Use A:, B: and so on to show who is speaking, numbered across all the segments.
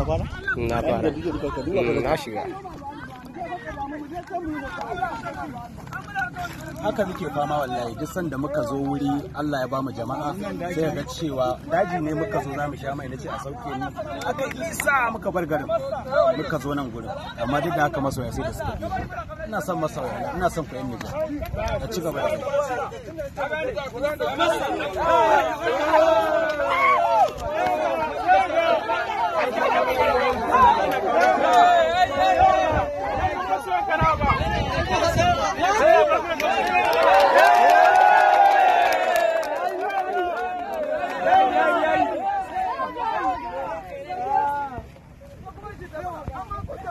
A: Mm, na fara na shiga haka muke fama wallahi duk sanda muka zo wuri Allah ya ba mu jama'a sai ga cewa daji ne muka zo za mu sha mai nace a sauke ni aka isa muka bar garin muka zo nan gurin amma duk da haka masoya sai da suka bi ina son masoya ina son ku yanni nija a ci gaba da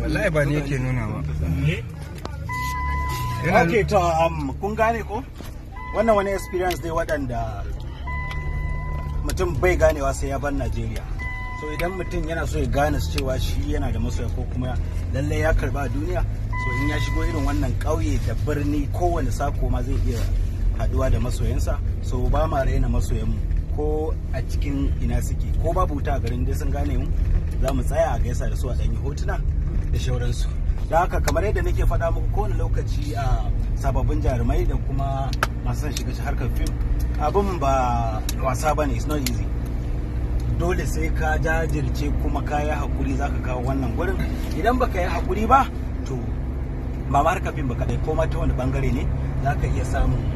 B: wallahi ba ne yake nuna
A: ba yana to um, kun gane ko wannan wani experience dai waɗanda mutum bai ganewa sai ya bar Najeriya so idan mutum yana so ya gane cewa shi yana da masoya ko kuma lallai ya karba a duniya so in ya shigo irin wannan ƙauye da birni kowane sako ma zai iya haɗuwa da masoyansa so ba ma raina masoyanmu ko a cikin ina suke ko babu wuta a garin dai sun gane mu za mu tsaya a gaisa da su a ɗanyi hotuna da shauransu da haka kamar yadda nake faɗa muku kowane lokaci a sababbin jarumai da kuma masu son shiga harkar fim abin ba wasa ba ne it's not easy dole sai ka jajirce kuma ka yi hakuri za ka kawo wannan gurin idan baka yi hakuri ba to ba ma harkar fim ba kaɗai ko ma ta wani bangare ne za ka iya samun